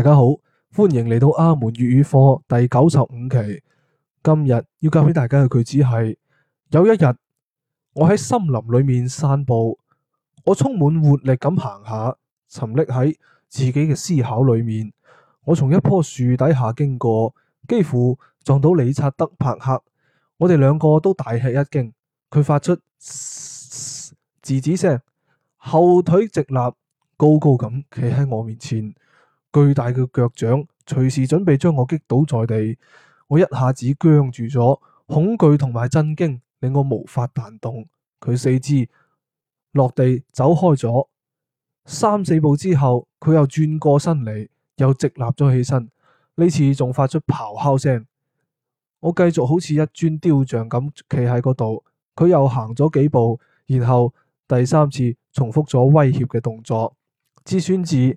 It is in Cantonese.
大家好，歡迎嚟到阿門粵語課第九十五期。今日要教俾大家嘅句子係：有一日，我喺森林裏面散步，我充滿活力咁行下，沉溺喺自己嘅思考裏面。我從一棵樹底下經過，幾乎撞到理查德帕克，我哋兩個都大吃一驚。佢發出咝咝聲，後腿直立，高高咁企喺我面前。巨大嘅腳掌隨時準備將我擊倒在地，我一下子僵住咗，恐懼同埋震驚令我無法彈動。佢四肢落地走開咗，三四步之後，佢又轉過身嚟，又直立咗起身，呢次仲發出咆哮聲。我繼續好似一尊雕像咁企喺嗰度，佢又行咗幾步，然後第三次重複咗威脅嘅動作，之孫子。